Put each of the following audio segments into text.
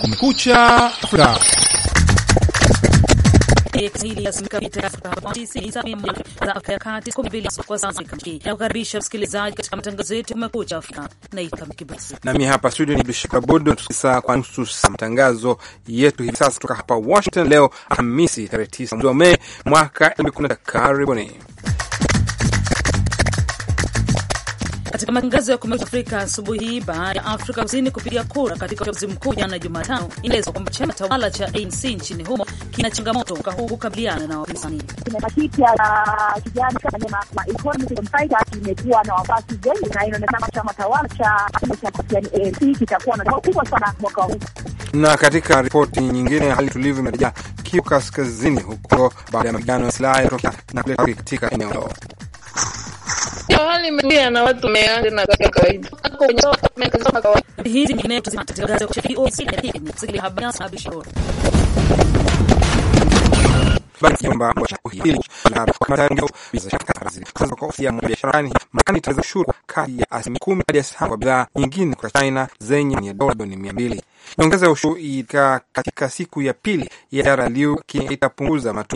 Kumekucha Afrika. Nami hapa studio ni Abdushakur saa kwa nusu saa matangazo yetu hivi sasa kutoka hapa Washington leo Alhamisi tarehe 9 mwezi wa Mei mwaka 2019. Karibuni. Katika matangazo ya Kumekucha Afrika asubuhi hii, baada ya Afrika Kusini kupiga kura katika uchaguzi mkuu jana Jumatano, inaelezwa kwamba chama tawala cha ANC nchini humo kina changamoto mwaka huu kukabiliana na wapinzani. Uh, Imekuwa na wabasi wengi na inaonekana chama tawala cha ANC kitakuwa na kubwa sana mwaka huu. Na katika ripoti nyingine, hali tulivu imerejea Kivu Kaskazini huko baada ya mapigano ya silaha yatokea na kuleta katika eneo hilo biasharani Marekani itaweza ushuru kati ya asilimia kumi hadi asilimia kwa bidhaa nyingine kutoka China zenye dola bilioni mia mbili. Nyongeza ushuru katika siku ya pili ya ziara itapunguza matumizi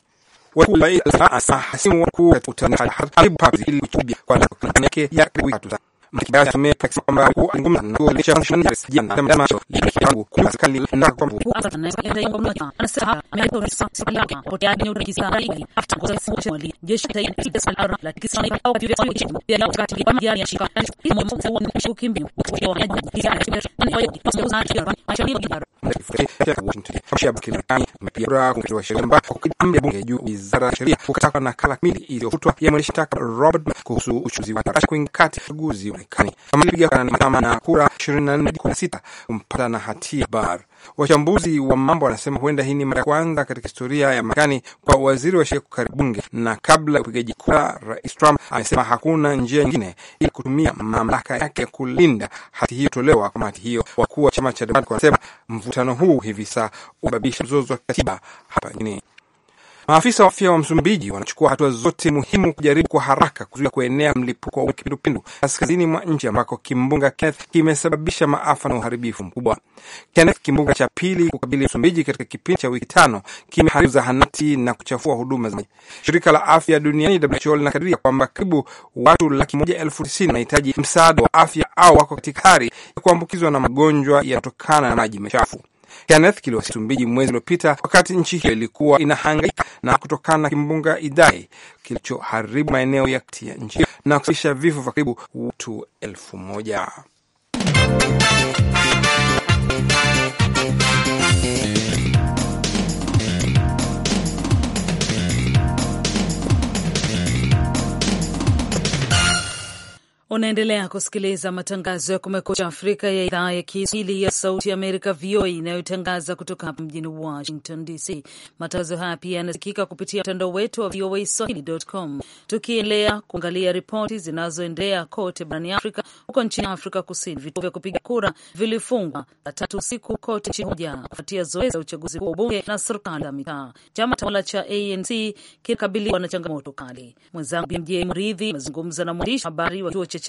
Walikula saa hasimu wakuu katika utangazaji haribu habari ili kuhutubia kwa nakala yake ya karibu tatu Mkibaza ameweka kusema kwamba alikuwa anazungumza na kueleza mashindano ya sijana na mtama macho tangu kwa serikali na kwa mtu. Anasema ametoa risasi yake kupotea ni urekisa hali hata kwa sababu ya wali. Jeshi la taifa la ara la Pakistan au pia sio jeshi pia katika kama ya shirika. Ni mmoja wa mshukimbio wa ya ya bunge juu wizara ya sheria kukataka nakala kamili iliyofutwa ya mwendesha mashtaka Robert kuhusu uchuzi kura na kura kwa sita kumpata na hatia bar Wachambuzi wa mambo wanasema huenda hii ni mara ya kwanza katika historia ya Marekani kwa waziri wa sheria kukaribia bunge, na kabla ya upigaji kura, Rais Trump amesema hakuna njia nyingine ili kutumia mamlaka yake ya kulinda hati hiyo tolewa kamati hiyo. Wakuu wa chama cha Demokrat wanasema mvutano huu hivi sasa unasababisha mzozo wa katiba hapa nchini. Maafisa wa afya wa Msumbiji wanachukua hatua zote muhimu kujaribu kwa haraka kuzuia kuenea mlipuko wa kipindupindu kaskazini mwa nchi ambako kimbunga Kenneth kimesababisha maafa na uharibifu mkubwa. Kenneth, kimbunga cha pili kukabili Msumbiji katika kipindi cha wiki tano, kimeharibu zahanati na kuchafua huduma za maji. Shirika la afya duniani WHO linakadiria kwamba karibu watu laki moja elfu tisini wanahitaji msaada wa afya au wako katika hatari ya kuambukizwa na magonjwa yanayotokana na maji machafu. Kenneth kiliwasili Msumbiji mwezi uliopita, wakati nchi hiyo ilikuwa inahangaika na kutokana na kimbunga Idai kilichoharibu maeneo ya kati ya nchi na kusababisha vifo vya karibu watu elfu moja. Unaendelea kusikiliza matangazo ya Kumekucha Afrika ya idhaa ya Kiswahili ya Sauti ya Amerika, VOA, inayotangaza kutoka hapa mjini Washington DC. Matangazo haya pia yanasikika kupitia mtandao wetu wa VOA Swahili.com. Tukiendelea kuangalia ripoti zinazoendelea kote barani Afrika, huko nchini Afrika Kusini, vituo vya kupiga kura vilifungwa saa tatu usiku kote nchini moja kufuatia zoezi la uchaguzi wa ubunge na serikali za mitaa. Chama tawala cha ANC kinakabiliwa na changamoto kali. Mwenzangu BMJ Mridhi amezungumza na mwandishi habari wa kituo cha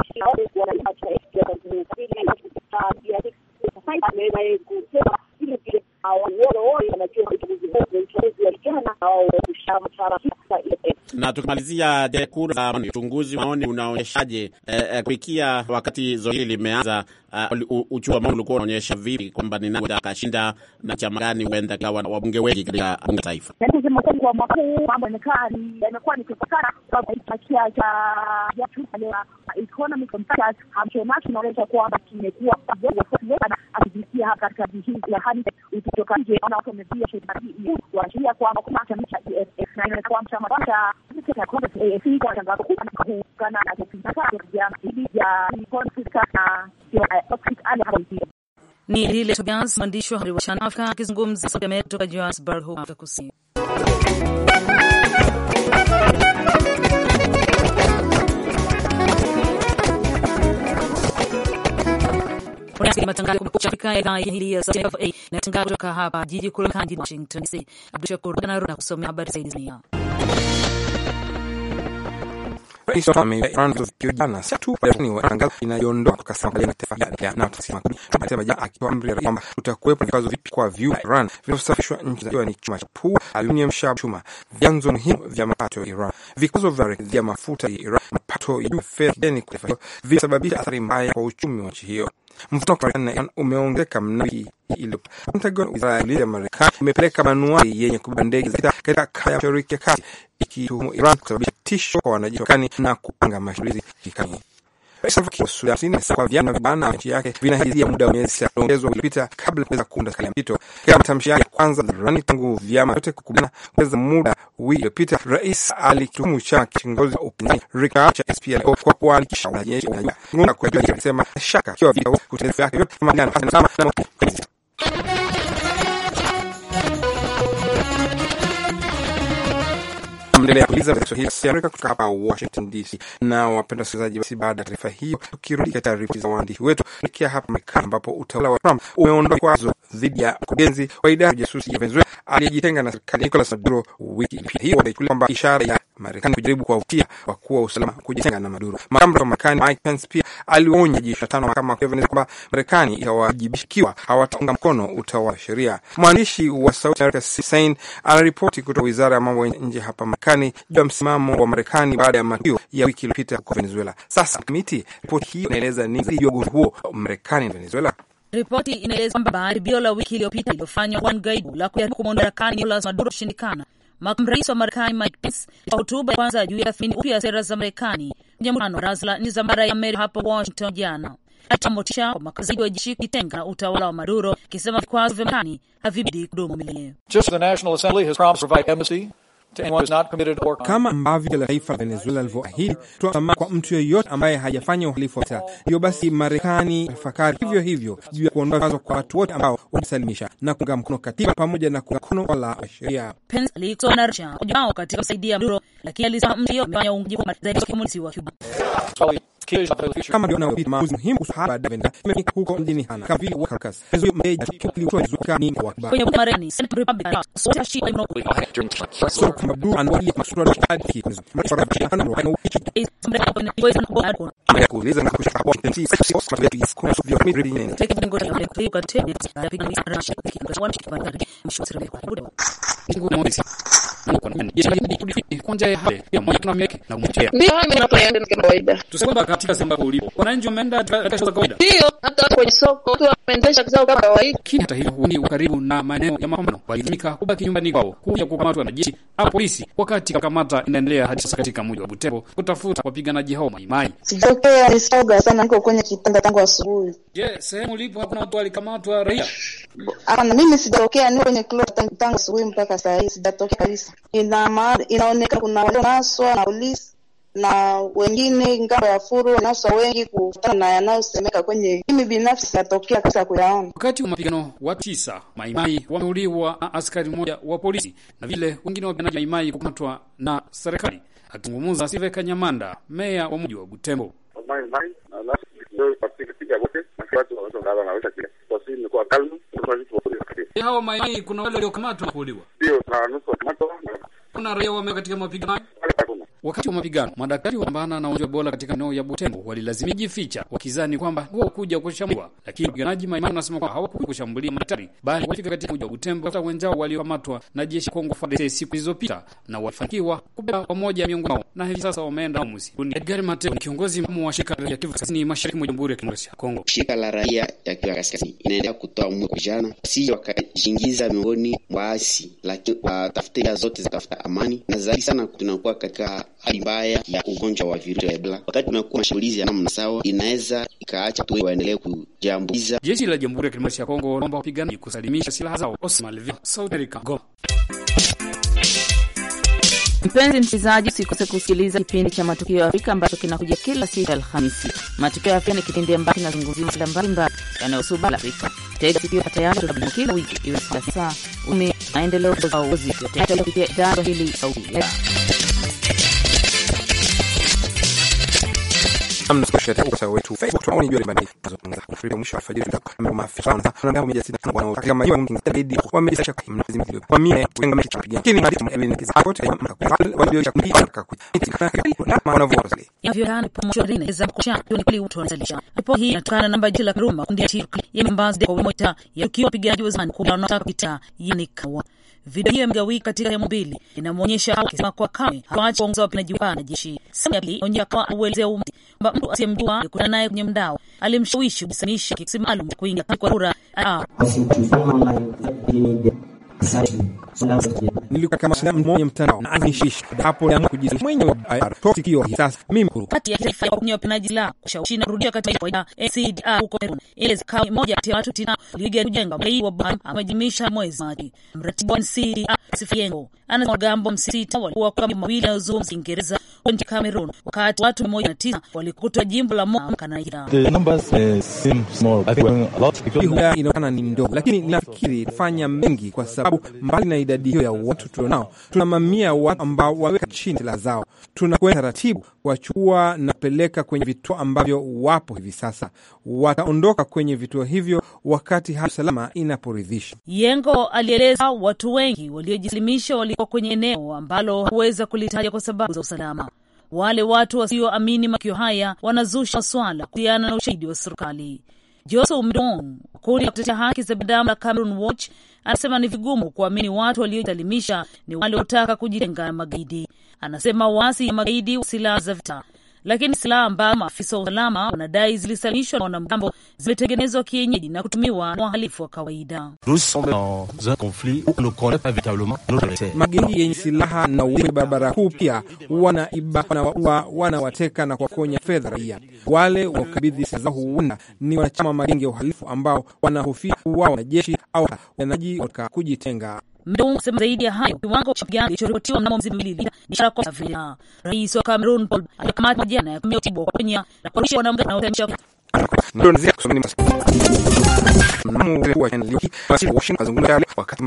kwa Na tukimalizia kura za maoni, uchunguzi maoni unaonyeshaje eh, eh kuikia wakati zoezi hili limeanza, ah, uh, uchua maoni ulikuwa unaonyesha vipi kwamba ni nani akashinda na chama gani huenda kawa wabunge wengi katika bunge la taifa? makuu mambo mwaka huu yamekuwa ni yamekuwa nikipatana kipakia cha economic factors ambacho inaonyesha kwamba kimekuwa sana akijisikia hapa katika vihizi ya hali ukitoka nje na watu wamepia sheria kuashiria kwamba kuna chama cha EFF na inaweza kuwa chama cha cha Congress AFC kwa tangazo kubwa na kuungana na kupinga ya hili ya conflict na toxic ali hapo ni lile Tobias mwandishi wa habari wa Channel akizungumza sauti ya Amerika kutoka Johannesburg huko Afrika Kusini. matangazo kumekucha idhaa ya ya Sauti ya inatangaza kutoka hapa jiji kuu la Washington DC. Abdushakur Banaro na kusomea habari zaidi za dunia. Rais wa vijana tangazo vikwazo vipya kwa vyuma Iran vinavyosafishwa nchi za ni chuma cha pua, aluminium, shaba, chuma, vyanzo muhimu vya mapato ya Iran. Vikwazo vya mafuta ya Iran, mapato ya fedha, vilisababisha athari mbaya kwa uchumi wa nchi hiyo. Mvuto kati ya umeongezeka mnamo wiki Pentagon, wizara ya Marekani, imepeleka manuari yenye kubeba ndege za katika kaya ya Mashariki ya Kati, ikituhumu Iran kusababisha tisho kwa wanajeshi wa Marekani na kupanga mashambulizi vikali. Vibana nchi yake vinahisia muda wa miezi sita ulioongezwa uliopita kabla ya kuweza kuunda serikali ya mpito. matamshi yake ya kwanza hadharani tangu vyama vyote kukubaliana kuongeza muda wiki iliyopita rais alikituhumu chama kiongozi wa upinzani Rick Machar SPLA kwa shaka na Amerika kutoka hapa Washington DC. Na wapenda wasikilizaji, basi baada ya taarifa hiyo, tukirudi katika ripoti za waandishi wetu, tuelekea hapa Marekani ambapo utawala wa Trump umeondoa vikwazo dhidi ya mkurugenzi wa idara ya ujasusi ya Venezuela aliyejitenga na serikali Nicolas Maduro wiki iliyopita. Hiyo wameichukulia kwamba ishara ya Marekani kujaribu kuwavutia wakuu wa usalama kujitenga na Maduro. Makamu wa Marekani Mike Pence pia aliwaonya jeshi tano wa mahakama ya Venezuela kwamba Marekani itawajibisha hawataunga mkono utawala wa sheria. Mwandishi wa Sauti ya Amerika Sain anaripoti kutoka wizara ya mambo ya nje hapa Marekani juu ya msimamo wa Marekani baada ya matukio ya wiki iliyopita huko Venezuela. Sasa miti, ripoti hii inaeleza nini juu ya ugomvi huo Marekani na Venezuela? Ripoti inaeleza kwamba jaribio la wiki iliyopita lililofanywa Juan Guaido la kujaribu kumwondoa madarakani Nicolas Maduro kushindikana. Makamu rais wa Marekani Mike Pence kwa hotuba ya kwanza juu ya tathmini upya sera za Marekani kwenye mkutano wa baraza la nchi za mara ya Amerika hapo Washington jana alitoa motisha kwa makazi wa jeshi kujitenga na utawala wa Maduro, akisema vikwazo vya Marekani havibidi kudumu milele kama ambavyo la taifa la Venezuela alivyoahidi kutoa msamaha kwa mtu yoyote ambaye hajafanya uhalifu wa vita. Hiyo basi, Marekani tafakari hivyo hivyo juu ya kuondoa vikwazo kwa watu wote ambao wamesalimisha na kuunga mkono katiba pamoja na kuunga mkono wala sheria. Pence katika kusaidia lakini alisema mtu amefanya uungaji wa Cuba. Kama ndio unaopita maamuzi muhimu kuhusu hali baadaye imefanyika huko mjini Hana kama vile World Caucus katika sehemu ambapo ulipo. Wananchi wameenda katika shughuli za kawaida, ndio hata watu kwenye soko tu wameendesha zao kama kawaida, lakini hata hivyo ni karibu na maeneo ya mapambano walilazimika kubaki nyumbani kwao kuja kukamatwa na jeshi au polisi, wakati kamata inaendelea hadi sasa katika mji wa Butembo kutafuta wapiganaji hao maimai. Sijatokea nisoga sana, niko kwenye kitanda tangu asubuhi. Je, yeah, sehemu ulipo hakuna watu walikamatwa raia? Hapana, mimi sijatokea, niko kwenye closet tangu asubuhi mpaka saa hii sijatokea kabisa. Ina maana inaonekana kuna wale naswa na polisi na wengine ngambo ya furu wanaswa wengi kufuatana na yanayosemeka kwenye. Mimi binafsi natokea kabisa kuyaona. Wakati wa mapigano watu tisa maimai wameuliwa na askari mmoja wa polisi, na vile wengine wapiganaji maimai kukamatwa na serikali. Akizungumza Sive Kanyamanda, meya wa mji wa Butembo hao maimai, kuna wale waliokamatwa na kuuliwa, kuna raia wame katika mapigano Wakati wa mapigano, madaktari wapambana na ugonjwa bola katika eneo ya Butembo walilazimika kujificha, wakizani kwamba wao kuja kushambulia, lakini wapiganaji maimani wanasema kwamba hawakuja kushambulia madaktari, bali walifika katika ugonjwa Butembo kata wenzao waliokamatwa na jeshi Kongo FARDC siku zilizopita na walifanikiwa kubeba pamoja miongoni mwao, na hivi sasa wameenda Musi. Edgar Mateo ni kiongozi mkuu wa shirika la Kivu Kaskazini Mashariki mwa Jamhuri ya Kidemokrasia ya Kongo. Shirika la raia ya Kivu Kaskazini inaendelea kutoa mwito kwa vijana si wakajiingiza miongoni mwa asi, lakini watafute zote za kutafuta amani na zaidi sana tunakuwa katika hali mbaya ya ugonjwa wa virusi vya Ebola. Wakati unakuwa mashambulizi ya namna sawa, inaweza ikaacha tu waendelee kujiambukiza. Jeshi la Jamhuri ya Kidemokrasia ya Kongo naomba wapiganaji kusalimisha silaha zao. Osman Levi, South America, Goma. Mpenzi msikilizaji, usikose kusikiliza kipindi cha Matukio ya Afrika ambacho kinakuja kila siku ya Alhamisi. Matukio ya Afrika ni kipindi ambacho kinazungumzia masuala mbalimbali yanayohusu bara la Afrika. Tega sikio tayari tunapo kila wiki iwe saa kumi maendeleo za uongozi kupitia idhaa hili ya Kwa wimbo wa zamani wanaotaka kuita yani kawa Video hiyo imegawika katika sehemu mbili, inamwonyesha akisema kwa kamwe hawaachi kuongoza wapiganaji wa wanajeshi. Sehemu ya pili inaonyesha kama auelezea umati kwamba mtu asiyemjua alikutana naye kwenye mdao alimshawishi kusanisha kesi maalum kuingia kwa kura. Ah. Nilikuwa mashindano moja mtandao na anishish hapo na kujisaidia mwenyewe toki kio sasa mimi kati ya taifa ya kunyo penaji la kushawishi na rudia katika ya ACDA huko Peru eleza kama moja ya watu tina ligi kujenga bei wa bam amejimisha mwezi maji mratibu wa CDA Sifiengo anasema gambo msita walikuwa kama mawili na uzungumza Kiingereza huko nchini Cameroon, wakati watu mia na walikutwa jimbo la Mokanaika. Eh, inaonekana ni ndogo, lakini nafikiri fanya mengi, kwa sababu mbali na idadi hiyo ya watu tulionao, tuna mamia ya watu ambao waweka chini silaha zao, tunakwenda taratibu wachua na kupeleka kwenye vituo ambavyo wapo hivi sasa. Wataondoka kwenye vituo hivyo wakati hali salama inaporidhisha. Yengo alieleza watu wengi waliojisalimisha walikuwa kwenye eneo ambalo hakuweza kulitaja kwa sababu za usalama. Wale watu wasioamini matukio haya wanazusha maswala kuhusiana na ushahidi wa serikali. Joseph Mdong kundi la kutetea haki za binadamu la Cameroon Watch anasema ni vigumu kuamini watu waliojisalimisha ni wale wanaotaka kujitenga na magaidi. Anasema waasi ya magaidi wa silaha za vita lakini silaha ambayo maafisa wa usalama wanadai zilisalimishwa na wanamgambo zimetengenezwa kienyeji na kutumiwa na wahalifu wa kawaida. Magengi yenye silaha na wenye barabara kuu pia iba wanawaua, wanawateka na kuwakonya fedha raia. Wale wakabidhi silaha zao huenda ni wanachama magenge ya uhalifu ambao wanahofia kuwa na jeshi au wanaji kujitenga. Mdoum asema zaidi ya hayo, kiwango cha mapigano kilichoripotiwa mnamo miezi miwili ni ishara kwa vita. Rais wa Cameroon Paul alikamatwa jana ya kutumia utibu wa kuponya na kuwarudisha wanamgambo wanaohamisha Mnamo washington wakati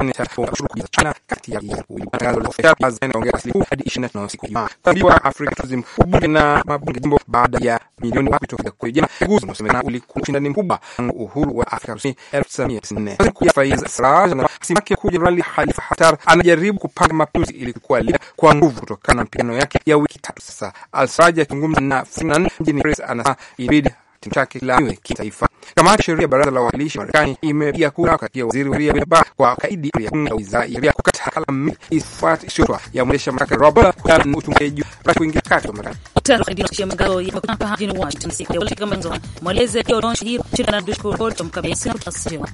China anajaribu kupanga mapinduzi ili kualia kwa nguvu kutokana na mapigano yake ya wiki tatu sasa. Al-Sarraj akizungumza na mjini Paris anasema ilibidi kitendo chake kilaaniwe kitaifa. Kamati sheria baraza la wawakilishi Marekani imepiga kura kukatia waziri wa sheria kwa kaidi ya kuu wizara ya sheria kukata kalamu isifuate ya mwendesha mashtaka Robert Klan uchunguzi kwa kuingia kati wa Marekani. Washington na mkabisi na